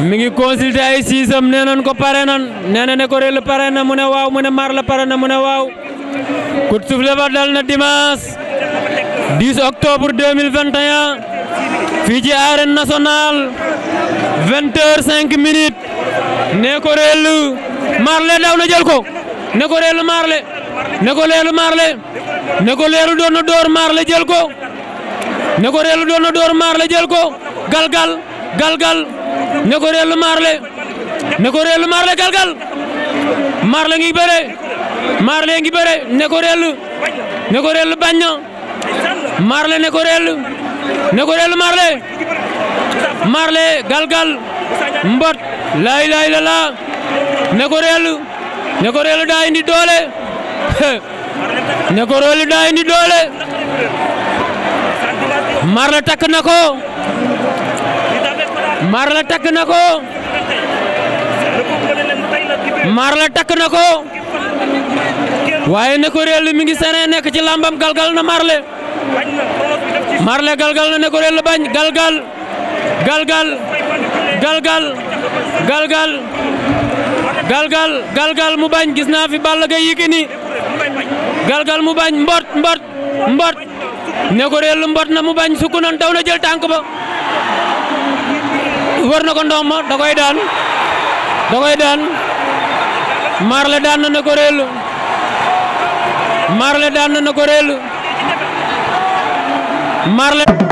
mi ngi consulté ay siisam nee nañ ko pare nan nee na ne ko réel pare na mu ne waaw mu ne maar la pare na mu ne waaw coup de sifflet ba dal na dimanche 10 octobre 2021 fii ci arène nationale 20 heures 5 minutes ne ko réel marle daw na jël ko ne ko réel marle ne ko leelu marle ne ko leelu doon na door marle jël ko ne ko réel doon na door marle jël ko galgal galgal ne ko reelu marle ne ko reelu Marley galgal Marley ngi bëre Marley ngi bëre ne ko reelu ne ko reelu bañ na Marley ne ko reelu ne ko reelu marle Marley galgal mbot laay laay la laa ko reelu ne ko reelu daa indi doole ne reelu daa indi doole Marley takk na ko Marley takk na ko Marley takk na ko waaye ne ko réel mi ngi sene nekk ci lambam galgal na Marley Marley galgal na ne ko réel bañ galgal galgal galgal galgal galgal galgal mu bañ gis naa fi Balla Gaye Yékini galgal mu bañ mbot mbot mbot ne ko réel mbot na mu bañ sukk na jël tànk ba war na ko ndoomo da koy daan da koy daan Marley daan na na ko réel Marley daan na na ko réel Marley